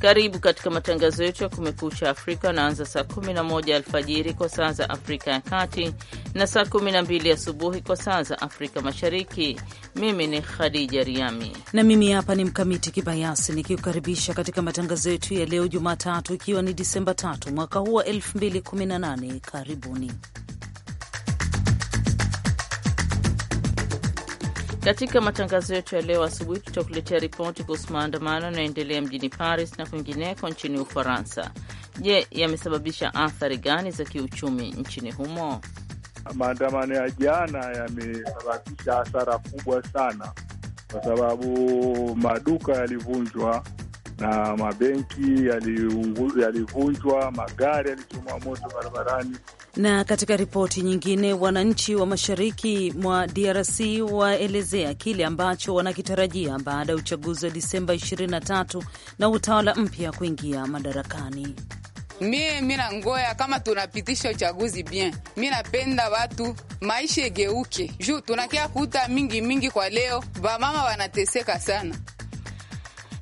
Karibu katika matangazo yetu ya Kumekucha Afrika anaanza saa 11 alfajiri kwa saa za Afrika ya Kati na saa 12 asubuhi kwa saa za Afrika Mashariki. Mimi ni Khadija Riami na mimi hapa ni Mkamiti Kibayasi nikiukaribisha katika matangazo yetu ya leo Jumatatu, ikiwa ni Disemba 3 mwaka huu wa 2018. Karibuni Katika matangazo yetu ya leo asubuhi, tutakuletea ripoti kuhusu maandamano yanayoendelea mjini Paris na kwingineko nchini Ufaransa. Je, yamesababisha athari gani za kiuchumi nchini humo? Maandamano ya jana yamesababisha hasara kubwa sana, kwa sababu maduka yalivunjwa na mabenki yalivunjwa, magari yalichomwa moto barabarani. Na katika ripoti nyingine, wananchi wa mashariki mwa DRC waelezea kile ambacho wanakitarajia baada ya uchaguzi wa Disemba 23 na utawala mpya kuingia madarakani. Mie mina ngoya kama tunapitisha uchaguzi bien, mi napenda watu maisha egeuke juu tunakia kuta mingi mingi. Kwa leo vamama wanateseka sana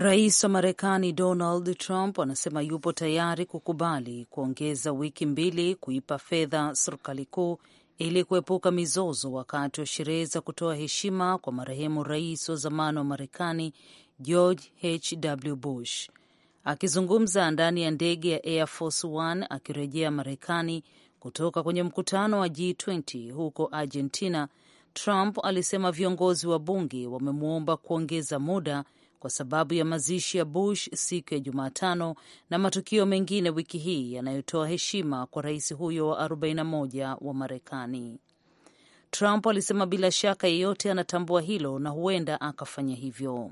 Rais wa Marekani Donald Trump anasema yupo tayari kukubali kuongeza wiki mbili kuipa fedha serikali kuu ili kuepuka mizozo wakati wa sherehe za kutoa heshima kwa marehemu rais wa zamani wa Marekani George H.W. Bush. Akizungumza ndani ya ndege ya Air Force One akirejea Marekani kutoka kwenye mkutano wa G20 huko Argentina, Trump alisema viongozi wa bunge wamemwomba kuongeza muda kwa sababu ya mazishi ya Bush siku ya Jumatano na matukio mengine wiki hii yanayotoa heshima kwa rais huyo wa 41 wa Marekani. Trump alisema bila shaka yeyote anatambua hilo na huenda akafanya hivyo.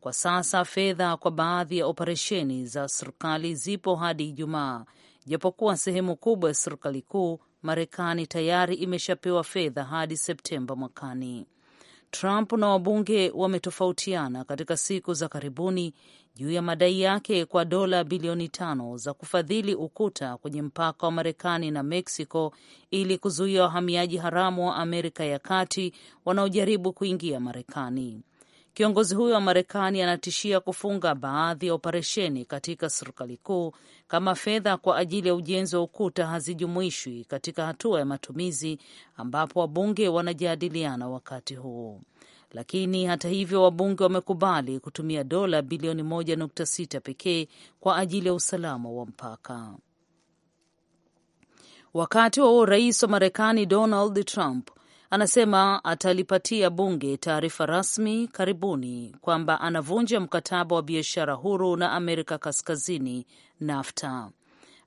Kwa sasa fedha kwa baadhi ya operesheni za serikali zipo hadi Ijumaa, japokuwa sehemu kubwa ya serikali kuu Marekani tayari imeshapewa fedha hadi Septemba mwakani. Trump na wabunge wametofautiana katika siku za karibuni juu ya madai yake kwa dola bilioni tano za kufadhili ukuta kwenye mpaka wa Marekani na Meksiko ili kuzuia wahamiaji haramu wa Amerika ya Kati wanaojaribu kuingia Marekani. Kiongozi huyo wa Marekani anatishia kufunga baadhi ya operesheni katika serikali kuu kama fedha kwa ajili ya ujenzi wa ukuta hazijumuishwi katika hatua ya matumizi ambapo wabunge wanajadiliana wakati huu. Lakini hata hivyo, wabunge wamekubali kutumia dola bilioni 1.6 pekee kwa ajili ya usalama wa mpaka. Wakati wa huo, rais wa Marekani Donald Trump anasema atalipatia bunge taarifa rasmi karibuni kwamba anavunja mkataba wa biashara huru na Amerika Kaskazini, NAFTA.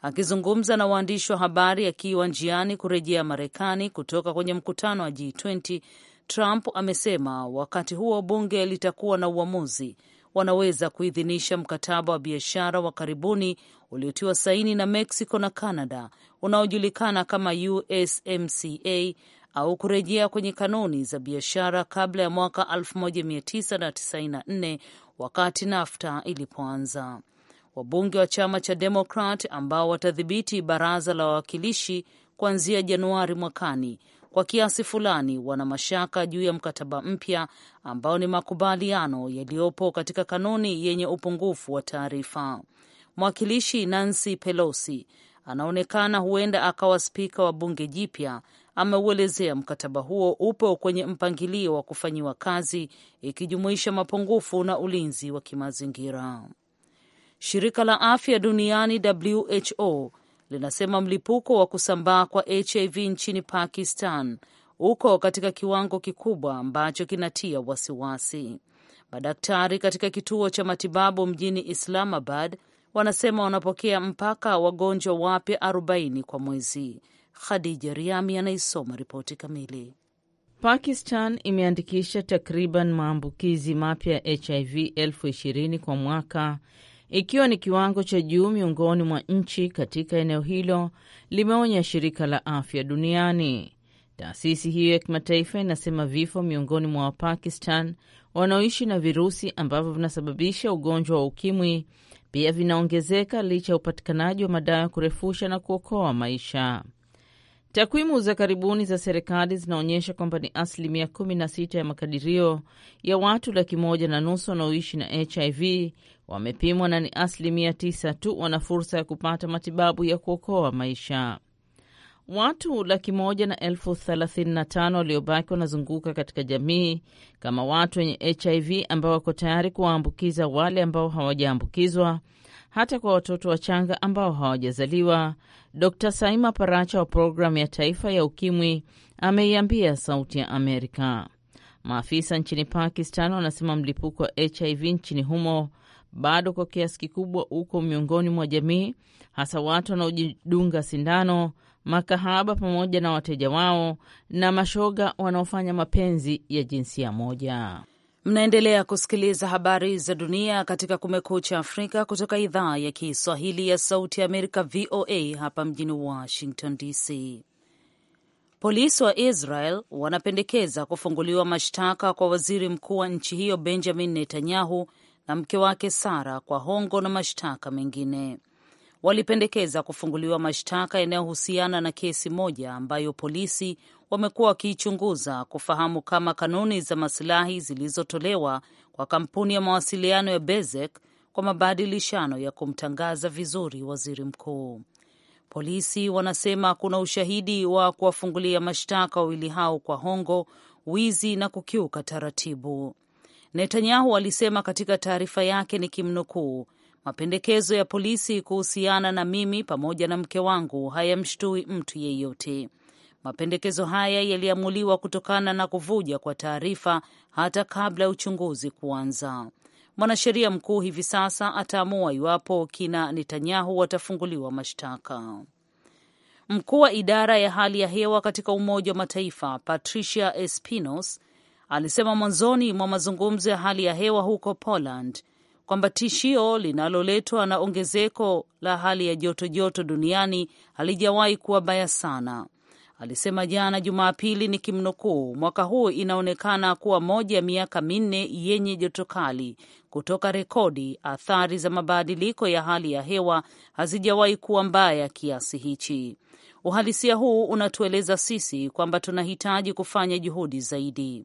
Akizungumza na waandishi wa habari akiwa njiani kurejea Marekani kutoka kwenye mkutano wa G20, Trump amesema wakati huo bunge litakuwa na uamuzi wanaweza kuidhinisha mkataba wa biashara wa karibuni uliotiwa saini na Mexico na Canada unaojulikana kama USMCA au kurejea kwenye kanuni za biashara kabla ya mwaka 1994 wakati NAFTA ilipoanza. Wabunge wa chama cha Demokrat ambao watadhibiti baraza la wawakilishi kuanzia Januari mwakani kwa kiasi fulani wana mashaka juu ya mkataba mpya ambao ni makubaliano yaliyopo katika kanuni yenye upungufu wa taarifa. Mwakilishi Nancy Pelosi anaonekana huenda akawa spika wa bunge jipya ameuelezea mkataba huo upo kwenye mpangilio wa kufanyiwa kazi ikijumuisha mapungufu na ulinzi wa kimazingira. Shirika la afya duniani WHO linasema mlipuko wa kusambaa kwa HIV nchini Pakistan uko katika kiwango kikubwa ambacho kinatia wasiwasi. Madaktari katika kituo cha matibabu mjini Islamabad wanasema wanapokea mpaka wagonjwa wapya 40 kwa mwezi Khadija Riami anaisoma ripoti kamili. Pakistan imeandikisha takriban maambukizi mapya ya HIV elfu ishirini kwa mwaka ikiwa ni kiwango cha juu miongoni mwa nchi katika eneo hilo, limeonya shirika la afya duniani. Taasisi hiyo ya kimataifa inasema vifo miongoni mwa Wapakistan wanaoishi na virusi ambavyo vinasababisha ugonjwa wa ukimwi pia vinaongezeka licha ya upatikanaji wa madawa ya kurefusha na kuokoa maisha. Takwimu za karibuni za serikali zinaonyesha kwamba ni asilimia 16 ya makadirio ya watu laki moja na nusu wanaoishi na HIV wamepimwa na ni asilimia 9 tu wana fursa ya kupata matibabu ya kuokoa maisha. Watu laki moja na elfu thelathini na tano waliobaki wanazunguka katika jamii kama watu wenye HIV ambao wako tayari kuwaambukiza wale ambao hawajaambukizwa hata kwa watoto wachanga ambao hawajazaliwa. Dr Saima Paracha wa programu ya taifa ya ukimwi ameiambia Sauti ya Amerika maafisa nchini Pakistan wanasema mlipuko wa HIV nchini humo bado kwa kiasi kikubwa uko miongoni mwa jamii, hasa watu wanaojidunga sindano, makahaba pamoja na wateja wao na mashoga wanaofanya mapenzi ya jinsia moja. Mnaendelea kusikiliza habari za dunia katika Kumekucha Afrika kutoka idhaa ya Kiswahili ya Sauti ya Amerika, VOA, hapa mjini Washington DC. Polisi wa Israel wanapendekeza kufunguliwa mashtaka kwa waziri mkuu wa nchi hiyo Benjamin Netanyahu na mke wake Sara kwa hongo na mashtaka mengine. Walipendekeza kufunguliwa mashtaka yanayohusiana na kesi moja ambayo polisi wamekuwa wakiichunguza kufahamu kama kanuni za masilahi zilizotolewa kwa kampuni ya mawasiliano ya Bezek kwa mabadilishano ya kumtangaza vizuri waziri mkuu. Polisi wanasema kuna ushahidi wa kuwafungulia mashtaka wawili hao kwa hongo, wizi na kukiuka taratibu. Netanyahu alisema katika taarifa yake, nikimnukuu, mapendekezo ya polisi kuhusiana na mimi pamoja na mke wangu hayamshtui mtu yeyote. Mapendekezo haya yaliamuliwa kutokana na kuvuja kwa taarifa hata kabla ya uchunguzi kuanza. Mwanasheria mkuu hivi sasa ataamua iwapo kina Netanyahu watafunguliwa mashtaka. Mkuu wa idara ya hali ya hewa katika Umoja wa Mataifa Patricia Espinos alisema mwanzoni mwa mazungumzo ya hali ya hewa huko Poland kwamba tishio linaloletwa na ongezeko la hali ya joto joto duniani halijawahi kuwa baya sana alisema jana Jumapili ni kimnukuu, mwaka huu inaonekana kuwa moja ya miaka minne yenye joto kali kutoka rekodi. Athari za mabadiliko ya hali ya hewa hazijawahi kuwa mbaya kiasi hichi. Uhalisia huu unatueleza sisi kwamba tunahitaji kufanya juhudi zaidi.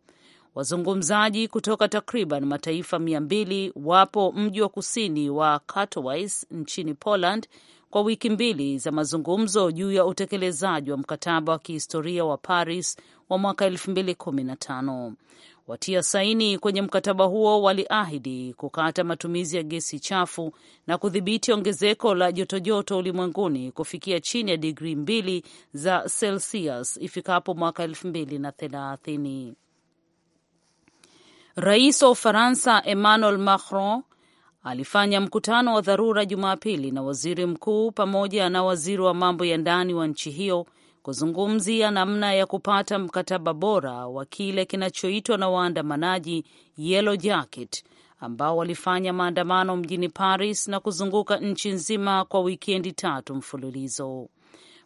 Wazungumzaji kutoka takriban mataifa mia mbili wapo mji wa kusini wa Katowice nchini Poland kwa wiki mbili za mazungumzo juu ya utekelezaji wa mkataba wa kihistoria wa Paris wa mwaka 2015. Watia saini kwenye mkataba huo waliahidi kukata matumizi ya gesi chafu na kudhibiti ongezeko la jotojoto ulimwenguni kufikia chini ya digrii mbili za Celsius ifikapo mwaka 2030. Rais wa Ufaransa Emmanuel Macron alifanya mkutano wa dharura Jumapili na waziri mkuu pamoja na waziri wa mambo ya ndani wa nchi hiyo kuzungumzia namna ya kupata mkataba bora wa kile kinachoitwa na waandamanaji Yellow Jacket ambao walifanya maandamano mjini Paris na kuzunguka nchi nzima kwa wikendi tatu mfululizo.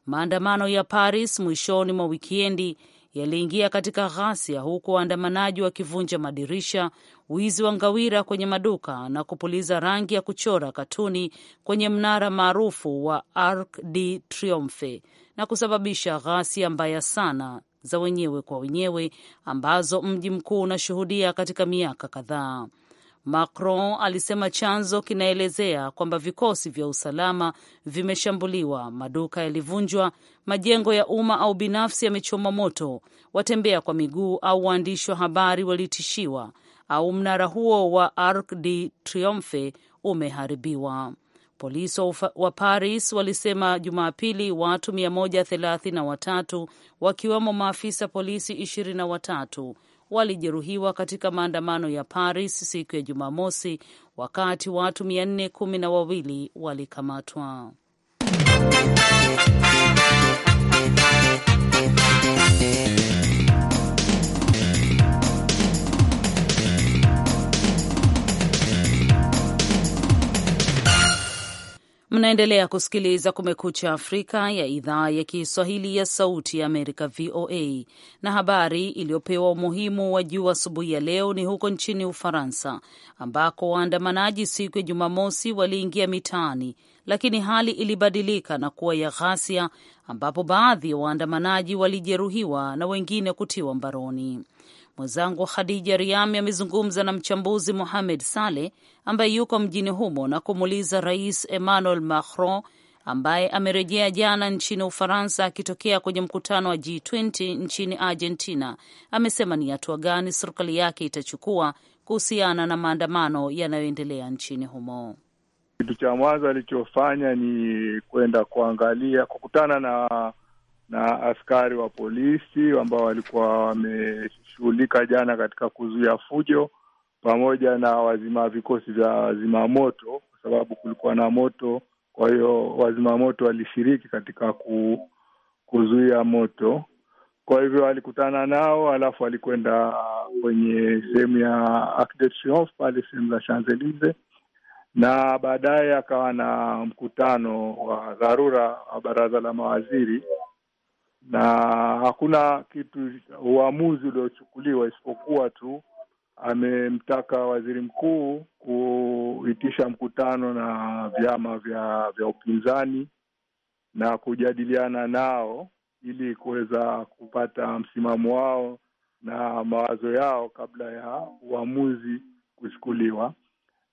Maandamano ya Paris mwishoni mwa wikendi yaliingia katika ghasia, huku waandamanaji wakivunja madirisha, wizi wa ngawira kwenye maduka na kupuliza rangi ya kuchora katuni kwenye mnara maarufu wa Arc de Triomphe na kusababisha ghasia mbaya sana za wenyewe kwa wenyewe ambazo mji mkuu unashuhudia katika miaka kadhaa. Macron alisema chanzo kinaelezea kwamba vikosi vya usalama vimeshambuliwa, maduka yalivunjwa, majengo ya umma au binafsi yamechoma moto, watembea kwa miguu au waandishi wa habari walitishiwa, au mnara huo wa Arc de Triomphe umeharibiwa. Polisi wa Paris walisema Jumapili watu 133 wakiwemo maafisa polisi 23 walijeruhiwa katika maandamano ya Paris siku ya Jumamosi, wakati watu mia nne kumi na wawili walikamatwa. Mnaendelea kusikiliza Kumekucha Afrika ya idhaa ya Kiswahili ya Sauti ya Amerika, VOA, na habari iliyopewa umuhimu wa juu asubuhi ya leo ni huko nchini Ufaransa, ambako waandamanaji siku ya Jumamosi waliingia mitaani, lakini hali ilibadilika na kuwa ya ghasia, ambapo baadhi ya waandamanaji walijeruhiwa na wengine kutiwa mbaroni. Mwenzangu Khadija Riami amezungumza na mchambuzi Mohamed Saleh ambaye yuko mjini humo na kumuuliza Rais Emmanuel Macron ambaye amerejea jana nchini Ufaransa akitokea kwenye mkutano wa G20 nchini Argentina, amesema ni hatua gani serikali yake itachukua kuhusiana na maandamano yanayoendelea nchini humo. Kitu cha mwanzo alichofanya ni kwenda kuangalia, kukutana na na askari wa polisi ambao walikuwa wameshughulika jana katika kuzuia fujo, pamoja na wazima vikosi vya wazima moto, kwa sababu kulikuwa na moto. Kwa hiyo wazima moto walishiriki katika ku, kuzuia moto. Kwa hivyo alikutana nao, alafu alikwenda kwenye sehemu ya Arc de Triomphe pale sehemu za Champs-Elysees na baadaye akawa na mkutano wa dharura wa baraza la mawaziri na hakuna kitu uamuzi uliochukuliwa isipokuwa tu amemtaka waziri mkuu kuitisha mkutano na vyama vya vya upinzani na kujadiliana nao ili kuweza kupata msimamo wao na mawazo yao kabla ya uamuzi kuchukuliwa.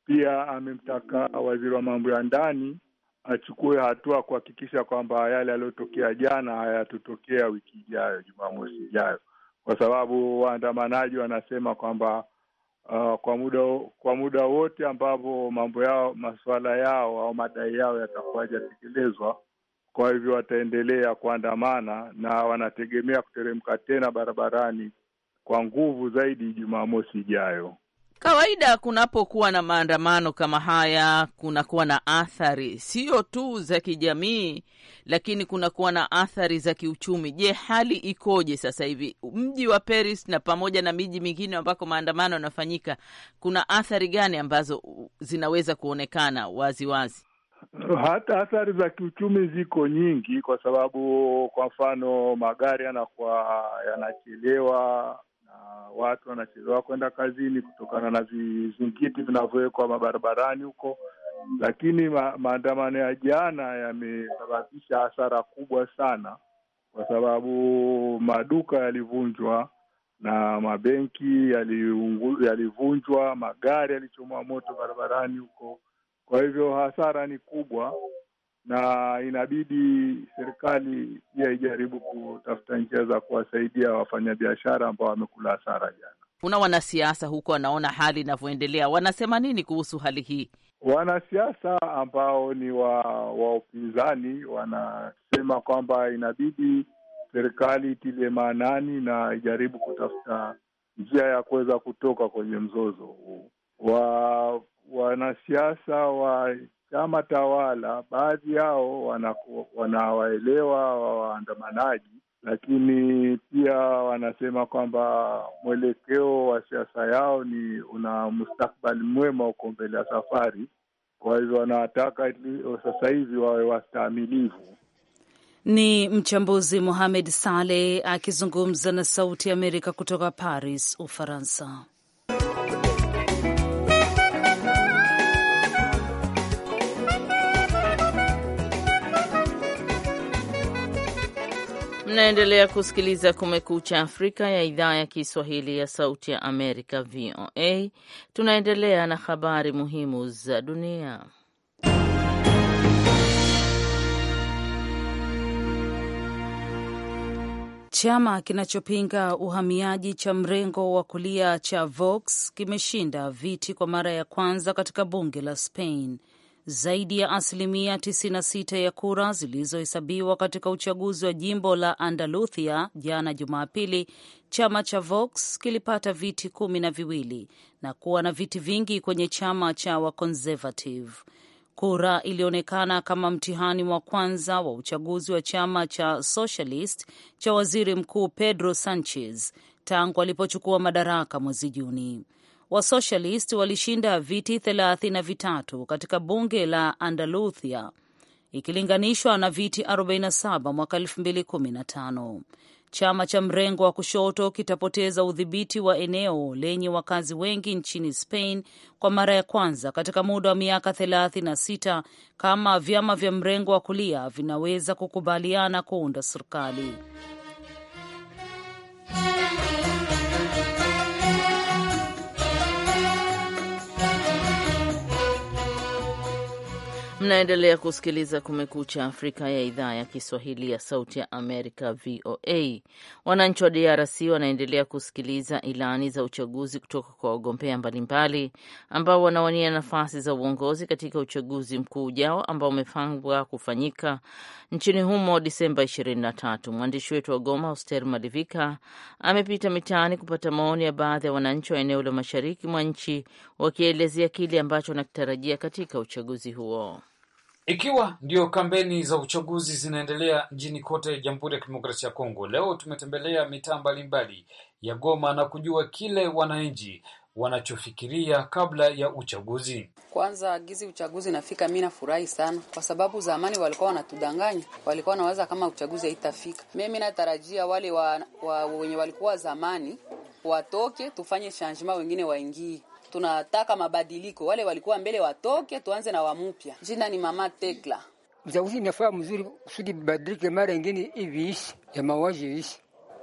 Pia amemtaka waziri wa mambo ya ndani achukue hatua kuhakikisha kwamba yale yaliyotokea jana hayatotokea wiki ijayo, Jumamosi ijayo, kwa sababu waandamanaji wanasema kwamba uh, kwa muda kwa muda wote ambapo mambo yao, masuala yao au madai yao yatakuwa hajatekelezwa, kwa hivyo wataendelea kuandamana na wanategemea kuteremka tena barabarani kwa nguvu zaidi Jumamosi ijayo. Kawaida kunapokuwa na maandamano kama haya, kunakuwa na athari sio tu za kijamii, lakini kunakuwa na athari za kiuchumi. Je, hali ikoje sasa hivi mji wa Paris na pamoja na miji mingine ambako maandamano yanafanyika? Kuna athari gani ambazo zinaweza kuonekana waziwazi wazi? Hata athari za kiuchumi ziko nyingi, kwa sababu kwa mfano magari yanakuwa yanachelewa watu wanachelewa kwenda kazini kutokana na vizingiti vinavyowekwa mabarabarani huko, lakini ma, maandamano ya jana yamesababisha hasara kubwa sana, kwa sababu maduka yalivunjwa na mabenki yalivunjwa, magari yalichomwa moto barabarani huko. Kwa hivyo hasara ni kubwa, na inabidi serikali pia ijaribu kutafuta njia za kuwasaidia wafanyabiashara ambao wamekula hasara jana. Kuna wanasiasa huko wanaona hali inavyoendelea, wanasema nini kuhusu hali hii? Wanasiasa ambao ni wa, wa upinzani wanasema kwamba inabidi serikali itilie maanani na ijaribu kutafuta njia ya kuweza kutoka kwenye mzozo huu. Wa, wanasiasa wa chama tawala, baadhi yao wanawaelewa waandamanaji, lakini pia wanasema kwamba mwelekeo wa siasa yao ni una mustakbali mwema uko mbele ya safari. Kwa hivyo wanawataka sasa hivi wawe wastaamilivu. Ni mchambuzi Mohamed Saleh akizungumza na Sauti ya Amerika kutoka Paris, Ufaransa. Mnaendelea kusikiliza Kumekucha Afrika ya idhaa ya Kiswahili ya Sauti ya Amerika, VOA. Tunaendelea na habari muhimu za dunia. Chama kinachopinga uhamiaji cha mrengo wa kulia cha Vox kimeshinda viti kwa mara ya kwanza katika bunge la Spain zaidi ya asilimia 96 ya kura zilizohesabiwa katika uchaguzi wa jimbo la Andalusia jana Jumapili, chama cha Vox kilipata viti kumi na viwili na kuwa na viti vingi kwenye chama cha Waconservative. Kura ilionekana kama mtihani wa kwanza wa uchaguzi wa chama cha Socialist cha waziri mkuu Pedro Sanchez tangu alipochukua madaraka mwezi Juni. Wasocialist walishinda viti thelathini na vitatu katika bunge la andaluthia ikilinganishwa na viti 47 mwaka 2015. Chama cha mrengo wa kushoto kitapoteza udhibiti wa eneo lenye wakazi wengi nchini Spain kwa mara ya kwanza katika muda wa miaka 36 kama vyama vya mrengo wa kulia vinaweza kukubaliana kuunda serikali. Mnaendelea kusikiliza Kumekucha Afrika ya idhaa ya Kiswahili ya Sauti ya Amerika, VOA. Wananchi wa DRC wanaendelea kusikiliza ilani za uchaguzi kutoka kwa wagombea mbalimbali ambao wanawania nafasi za uongozi katika uchaguzi mkuu ujao ambao umepangwa kufanyika nchini humo Disemba 23. Mwandishi wetu wa Goma, Hoster Malivika, amepita mitaani kupata maoni ya baadhi ya wananchi wa eneo la mashariki mwa nchi wakielezea kile ambacho wanakitarajia katika uchaguzi huo. Ikiwa ndio kampeni za uchaguzi zinaendelea nchini kote Jamhuri ya Kidemokrasia ya Kongo, leo tumetembelea mitaa mbalimbali ya Goma na kujua kile wananchi wanachofikiria kabla ya uchaguzi. Kwanza gizi uchaguzi nafika, mi nafurahi sana kwa sababu zamani walikuwa wanatudanganya, walikuwa wanawaza kama uchaguzi haitafika. Mimi natarajia wale wa, wa, wenye walikuwa zamani watoke, tufanye shanjima, wengine waingie tunataka mabadiliko, wale walikuwa mbele watoke, tuanze na wamupya. Jina ni mama Tekla. Uchaguzi inafaa mzuri kusudi badilike, mara ingine iviishi ya mawaji ishi.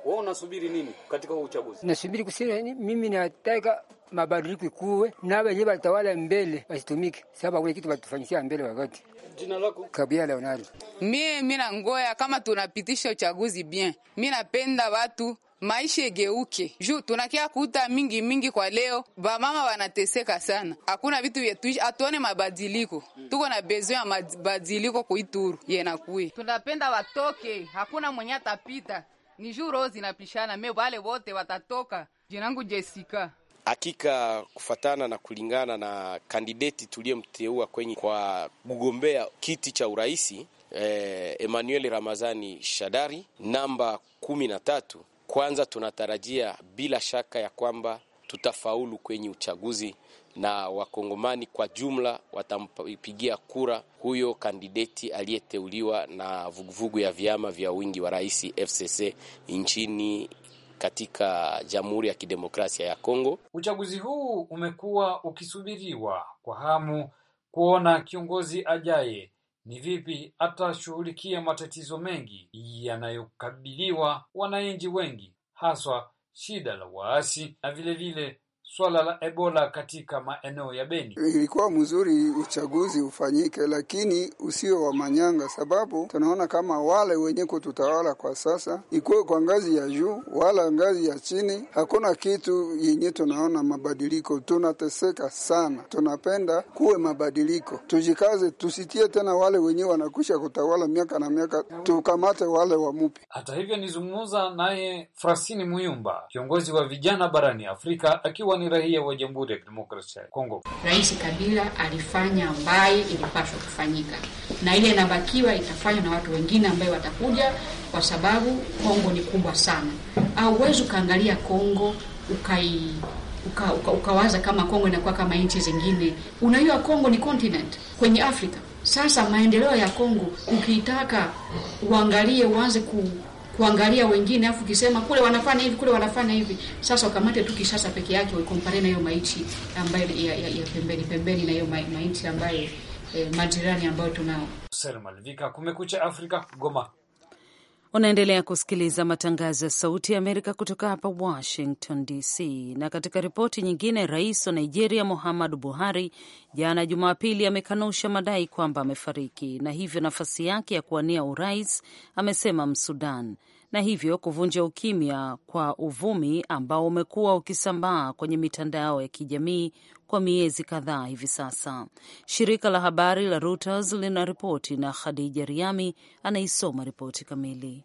Wewe unasubiri nini katika uchaguzi? Nasubiri kusema mimi nataka mabadiliko kuwe na wenyewe watawala mbele wasitumike, sababu kule kitu watufanyisia mbele wakati. Jina lako? Kabia Leonardo. Mimi mimi nangoya kama tunapitisha uchaguzi bien. Mimi napenda watu maisha igeuke juu tunakia kuta mingi mingi kwa leo, bamama wanateseka sana, hakuna vitu vyetuishi atuone mabadiliko. Tuko na bezo ya mabadiliko kuituru yenakui, tunapenda watoke, hakuna mwenye atapita, ni juu roho zinapishana, me wale wote watatoka. Jinangu Jessica Hakika kufatana na kulingana na kandideti tuliyemteua kwenye kwa kugombea kiti cha uraisi eh, Emmanuel Ramazani Shadari namba kumi na tatu kwanza tunatarajia bila shaka ya kwamba tutafaulu kwenye uchaguzi na wakongomani kwa jumla watampigia kura huyo kandideti aliyeteuliwa na vuguvugu ya vyama vya wingi wa rais FCC nchini katika Jamhuri ya Kidemokrasia ya Kongo. Uchaguzi huu umekuwa ukisubiriwa kwa hamu kuona kiongozi ajaye ni vipi atashughulikia matatizo mengi yanayokabiliwa wananchi wengi haswa shida la waasi na vilevile vile swala la Ebola katika maeneo ya Beni. Ilikuwa mzuri uchaguzi ufanyike, lakini usio wa manyanga, sababu tunaona kama wale wenye kututawala kwa sasa ikuwe kwa ngazi ya juu wala ngazi ya chini, hakuna kitu yenye tunaona mabadiliko. Tunateseka sana, tunapenda kuwe mabadiliko, tujikaze, tusitie tena wale wenyewe wanakwisha kutawala miaka na miaka, tukamate wale wa mupya. Hata hivyo, nizungumza naye Frasini Muyumba, kiongozi wa vijana barani Afrika, akiwa ni raia wa Jamhuri ya Kidemokrasia ya Kongo. Rais Kabila alifanya ambaye ilipaswa kufanyika, na ile inabakiwa itafanywa na watu wengine ambayo watakuja, kwa sababu Kongo ni kubwa sana. au Hauwezi ukaangalia Kongo ukai uka, uka, ukawaza kama Kongo inakuwa kama nchi zingine. Unajua Kongo ni continent kwenye Afrika. Sasa maendeleo ya Kongo ukitaka uangalie, uanze ku kuangalia wengine, afu ukisema kule wanafanya hivi, kule wanafanya hivi. Sasa ukamate tu kisasa peke yake ukompare na hiyo maiti ambayo ya, ya, ya pembeni pembeni na hiyo maiti ambayo eh, majirani ambayo tunao. Selma Livika, Kumekucha Afrika, Goma. Unaendelea kusikiliza matangazo ya Sauti ya Amerika kutoka hapa Washington DC. Na katika ripoti nyingine, rais wa Nigeria Muhammadu Buhari jana Jumapili amekanusha madai kwamba amefariki na hivyo nafasi yake ya kuwania urais, amesema Msudan, na hivyo kuvunja ukimya kwa uvumi ambao umekuwa ukisambaa kwenye mitandao ya kijamii kwa miezi kadhaa hivi sasa. Shirika la habari la Reuters ripoti na Khadija Riami anaisoma ripoti kamili.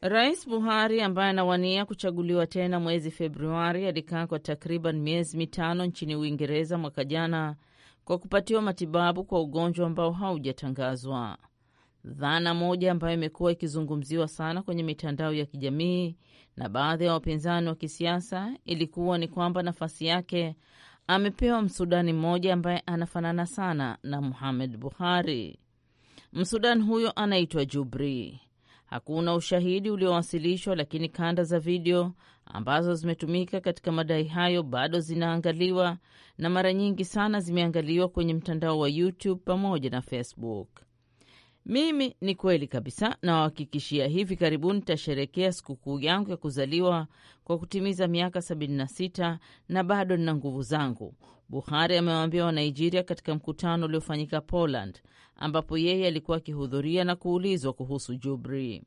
Rais Buhari ambaye anawania kuchaguliwa tena mwezi Februari alikaa kwa takriban miezi mitano nchini Uingereza mwaka jana kwa kupatiwa matibabu kwa ugonjwa ambao haujatangazwa. Dhana moja ambayo imekuwa ikizungumziwa sana kwenye mitandao ya kijamii na baadhi ya wapinzani wa kisiasa ilikuwa ni kwamba nafasi yake amepewa Msudani mmoja ambaye anafanana sana na Muhamed Buhari. Msudani huyo anaitwa Jubri. Hakuna ushahidi uliowasilishwa, lakini kanda za video ambazo zimetumika katika madai hayo bado zinaangaliwa na mara nyingi sana zimeangaliwa kwenye mtandao wa YouTube pamoja na Facebook. Mimi ni kweli kabisa, nawahakikishia, hivi karibuni nitasherekea sikukuu yangu ya kuzaliwa kwa kutimiza miaka 76 na bado nina nguvu zangu, Buhari amewaambia Wanigeria katika mkutano uliofanyika Poland, ambapo yeye alikuwa akihudhuria na kuulizwa kuhusu Jubri.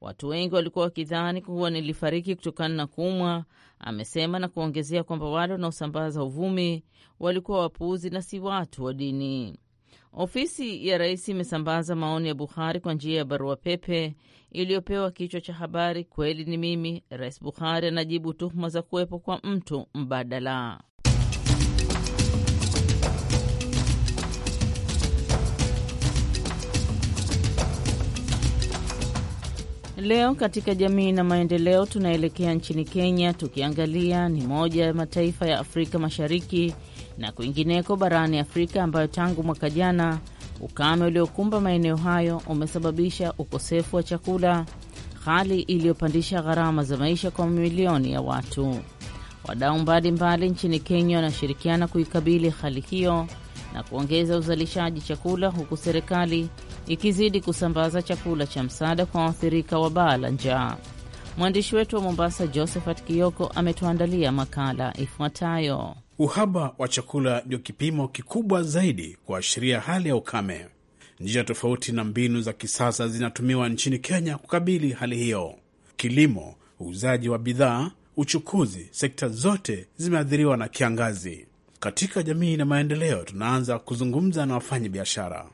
Watu wengi walikuwa wakidhani kuwa nilifariki kutokana na kuumwa, amesema na kuongezea kwamba wale wanaosambaza uvumi walikuwa wapuuzi na si watu wa dini. Ofisi ya rais imesambaza maoni ya Buhari kwa njia ya barua pepe iliyopewa kichwa cha habari, kweli ni mimi. Rais Buhari anajibu tuhuma za kuwepo kwa mtu mbadala. Leo katika jamii na maendeleo, tunaelekea nchini Kenya, tukiangalia ni moja ya mataifa ya Afrika Mashariki na kwingineko barani Afrika, ambayo tangu mwaka jana ukame uliokumba maeneo hayo umesababisha ukosefu wa chakula, hali iliyopandisha gharama za maisha kwa mamilioni ya watu. Wadau mbalimbali nchini Kenya wanashirikiana kuikabili hali hiyo na kuongeza uzalishaji chakula, huku serikali ikizidi kusambaza chakula cha msaada kwa waathirika wa baa la njaa. Mwandishi wetu wa Mombasa, Josephat Kioko, ametuandalia makala ifuatayo. Uhaba wa chakula ndio kipimo kikubwa zaidi kuashiria hali ya ukame. Njia tofauti na mbinu za kisasa zinatumiwa nchini Kenya kukabili hali hiyo. Kilimo, uuzaji wa bidhaa, uchukuzi, sekta zote zimeathiriwa na kiangazi. Katika jamii na maendeleo, tunaanza kuzungumza na wafanya biashara.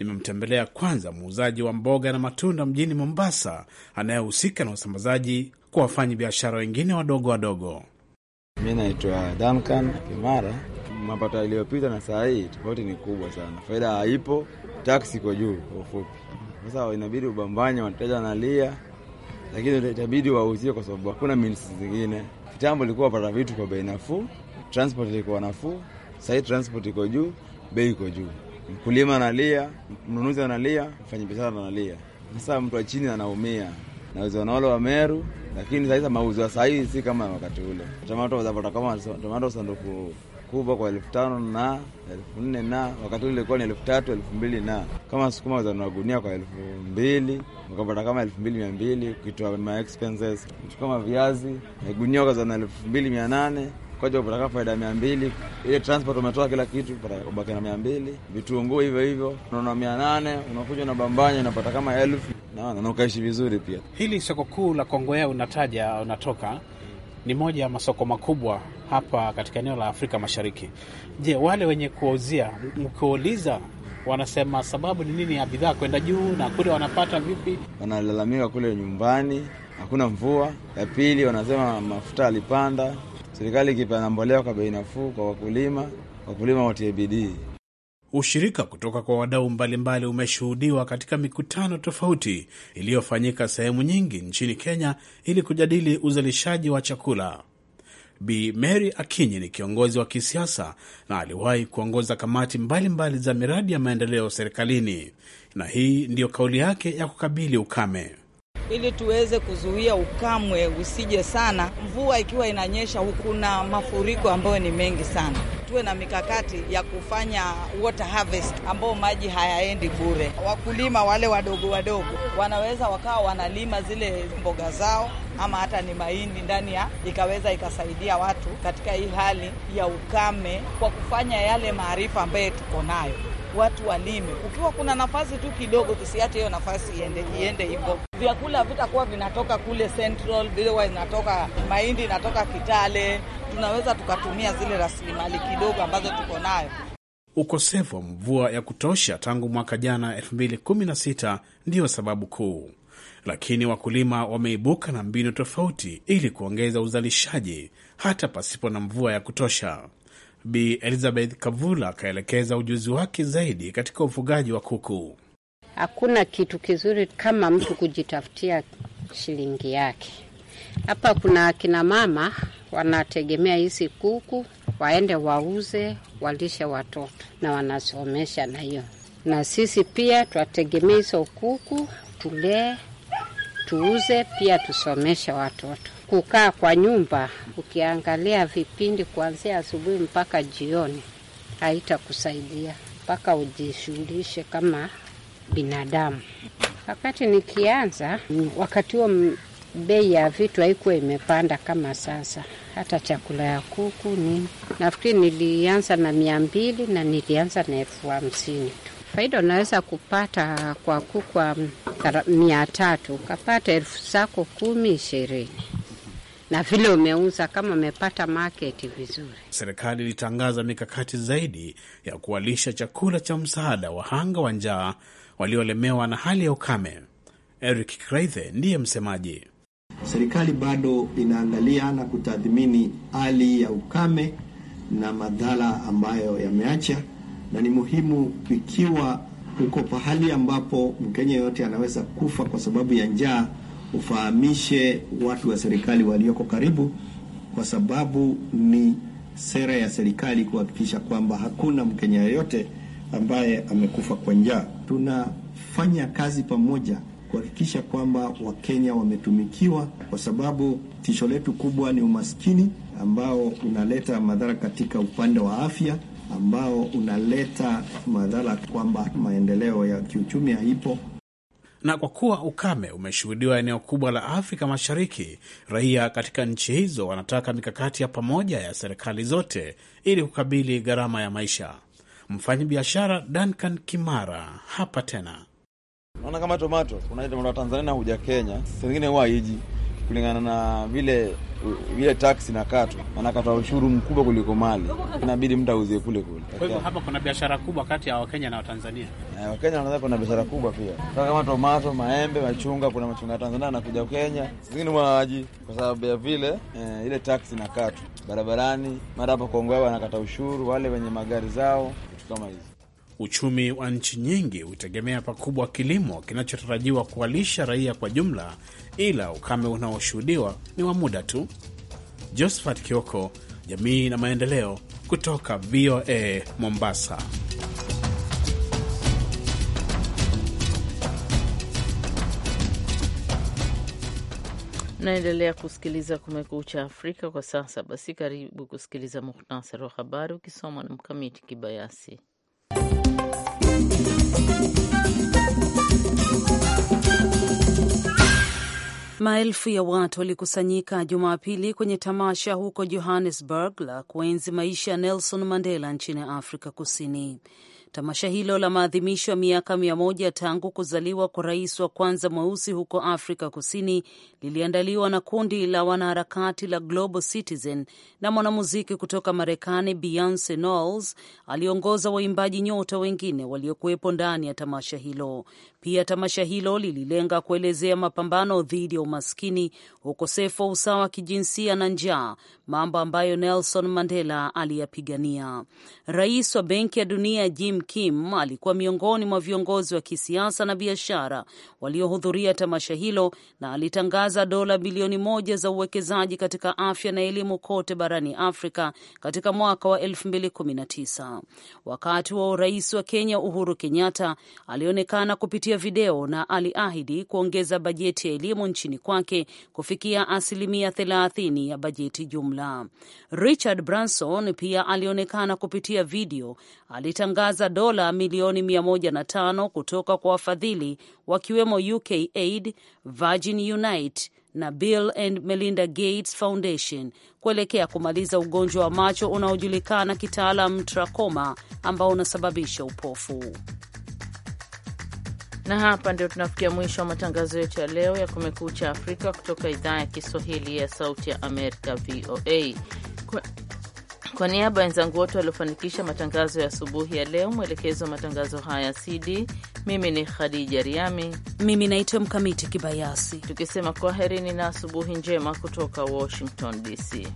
Nimemtembelea kwanza muuzaji wa mboga na matunda mjini Mombasa, anayehusika na usambazaji kwa wafanyi biashara wengine wadogo wadogo. Mi naitwa Duncan Kimara. Mapato yaliyopita na saa hii tofauti ni kubwa sana, faida haipo, taksi iko juu kwa ufupi. Sasa inabidi ubambanye, wateja wanalia, lakini itabidi wauzie kwa sababu hakuna means zingine. Kitambo ilikuwa pata vitu kwa bei nafuu, transport ilikuwa nafuu, sahii transport iko juu, bei iko juu, mkulima analia, mnunuzi analia, mfanyabiashara analia. Sasa mtu wa chini anaumia, na wale wa Meru lakini sasa mauzo ya sahii si kama wakati ule. Tomato zapata kama tomato sanduku kubwa kwa elfu tano na elfu nne na wakati ule ilikuwa ni elfu tatu elfu mbili na kama sukuma za nagunia kwa elfu mbili ukapata kama elfu mbili mia mbili ukitoa ma expenses kama viazi gunia ukazana elfu mbili mia nane kwa hivyo utakaa faida mia mbili ile transport umetoa kila kitu, ubaki na mia mbili vitunguu hivyo hivyo, unaona mia nane unakuja na bambanya unapata kama elfu na, na ukaishi vizuri pia. Hili soko kuu la Kongowea unataja unatoka ni moja ya masoko makubwa hapa katika eneo la Afrika Mashariki. Je, wale wenye kuuzia mkiuliza, wanasema sababu ni nini ya bidhaa kwenda juu na kule wanapata vipi? Wanalalamika kule nyumbani hakuna mvua. Ya pili wanasema mafuta alipanda serikali ikipana mbolea kwa bei nafuu kwa wakulima, wakulima watie bidii. Ushirika kutoka kwa wadau mbalimbali umeshuhudiwa katika mikutano tofauti iliyofanyika sehemu nyingi nchini Kenya ili kujadili uzalishaji wa chakula. Bi Mary Akinyi ni kiongozi wa kisiasa na aliwahi kuongoza kamati mbalimbali za miradi ya maendeleo serikalini, na hii ndiyo kauli yake ya kukabili ukame ili tuweze kuzuia ukamwe usije sana. Mvua ikiwa inanyesha, kuna mafuriko ambayo ni mengi sana tuwe na mikakati ya kufanya water harvest, ambao maji hayaendi bure. Wakulima wale wadogo wadogo wanaweza wakawa wanalima zile mboga zao ama hata ni mahindi ndani ya ikaweza ikasaidia watu katika hii hali ya ukame, kwa kufanya yale maarifa ambayo tuko nayo watu walime. Ukiwa kuna nafasi tu kidogo, tusiache hiyo nafasi iende iende hivyo. Vyakula vitakuwa vinatoka kule Central, vile inatoka mahindi inatoka Kitale, tunaweza tukatumia zile rasilimali kidogo ambazo tuko nayo. Ukosefu wa mvua ya kutosha tangu mwaka jana 2016 ndiyo sababu kuu, lakini wakulima wameibuka na mbinu tofauti ili kuongeza uzalishaji hata pasipo na mvua ya kutosha. Bi Elizabeth Kavula akaelekeza ujuzi wake zaidi katika ufugaji wa kuku. Hakuna kitu kizuri kama mtu kujitafutia shilingi yake. Hapa kuna akina mama wanategemea hizi kuku waende wauze, walishe watoto na wanasomesha na hiyo, na sisi pia twategemea hizo kuku tulee, tuuze pia tusomeshe watoto. Kukaa kwa nyumba ukiangalia vipindi kuanzia asubuhi mpaka jioni haitakusaidia, mpaka ujishughulishe kama binadamu. Wakati nikianza wakati huo bei ya vitu haikuwa imepanda kama sasa, hata chakula ya kuku nini. Nafikiri nilianza na mia mbili na nilianza na elfu hamsini tu. Faida unaweza kupata kwa kuku mia tatu ukapata elfu zako kumi ishirini na vile umeuza kama umepata market vizuri. Serikali ilitangaza mikakati zaidi ya kuwalisha chakula cha msaada wahanga wa njaa waliolemewa na hali ya ukame. Eric Kraithe ndiye msemaji serikali bado inaangalia na kutathmini hali ya ukame na madhara ambayo yameacha, na ni muhimu ikiwa uko pahali ambapo Mkenya yoyote anaweza kufa kwa sababu ya njaa, ufahamishe watu wa serikali walioko karibu, kwa sababu ni sera ya serikali kuhakikisha kwamba hakuna Mkenya yoyote ambaye amekufa kwa njaa. Tunafanya kazi pamoja kuhakikisha kwamba Wakenya wametumikiwa, kwa sababu tisho letu kubwa ni umaskini ambao unaleta madhara katika upande wa afya ambao unaleta madhara kwamba maendeleo ya kiuchumi haipo. Na kwa kuwa ukame umeshuhudiwa eneo kubwa la Afrika Mashariki, raia katika nchi hizo wanataka mikakati ya pamoja ya serikali zote ili kukabili gharama ya maisha. Mfanyabiashara Duncan Kimara hapa tena Unaona kama tomato, kuna tomato Tanzania na huja Kenya, pengine huwa haiji kulingana na vile vile tax na kato anakata ushuru mkubwa kuliko mali, inabidi mtu auzie kule kule. Kwa hivyo hapa kuna biashara kubwa kati ya Wakenya na Watanzania. Eh, Wakenya wanaweza, kuna biashara kubwa pia kama tomato, maembe, machunga. Kuna machunga ya Tanzania anakuja Kenya, zingine mwaaji kwa sababu ya vile eh, ile tax na kato barabarani, mara hapo Kongwa anakata ushuru wale wenye magari zao, vitu kama hizo. Uchumi wa nchi nyingi hutegemea pakubwa kilimo kinachotarajiwa kuwalisha raia kwa jumla, ila ukame unaoshuhudiwa ni wa muda tu. Josephat Kioko, jamii na maendeleo, kutoka VOA Mombasa. Naendelea kusikiliza Kumekucha Afrika kwa sasa. Basi karibu kusikiliza muhtasari wa habari ukisomwa na Mkamiti Kibayasi. Maelfu ya watu walikusanyika Jumapili kwenye tamasha huko Johannesburg la kuenzi maisha ya Nelson Mandela nchini Afrika Kusini. Tamasha hilo la maadhimisho ya miaka mia moja tangu kuzaliwa kwa rais wa kwanza mweusi huko Afrika Kusini liliandaliwa na kundi la wanaharakati la Global Citizen na mwanamuziki kutoka Marekani Beyonce Knowles aliongoza waimbaji nyota wengine waliokuwepo ndani ya tamasha hilo. Pia tamasha hilo lililenga kuelezea mapambano dhidi ya umaskini, ukosefu wa usawa wa kijinsia na njaa, mambo ambayo Nelson Mandela aliyapigania. Rais wa Benki ya Dunia Jim Kim alikuwa miongoni mwa viongozi wa kisiasa na biashara waliohudhuria tamasha hilo na alitangaza dola bilioni moja za uwekezaji katika afya na elimu kote barani Afrika katika mwaka wa 2019. Wakati wa urais wa Kenya Uhuru Kenyatta alionekana kupitia video na aliahidi kuongeza bajeti ya elimu nchini kwake kufikia asilimia 30 ya bajeti jumla. Richard Branson pia alionekana kupitia video, alitangaza dola milioni 105 kutoka kwa wafadhili wakiwemo Aid, Virgin Unite na Bill and Melinda Gates Foundation kuelekea kumaliza ugonjwa wa macho unaojulikana kitaalam trakoma ambao unasababisha upofu. Na hapa ndio tunafikia mwisho wa matangazo yetu ya leo ya Kumekucha Afrika kutoka idhaa ya Kiswahili ya Sauti ya Amerika, VOA. Kwa niaba ya wenzangu wote waliofanikisha matangazo ya asubuhi ya leo, mwelekezi wa matangazo haya CD, mimi ni Khadija Riami, mimi naitwa Mkamiti Kibayasi, tukisema kwaherini na asubuhi njema kutoka Washington DC.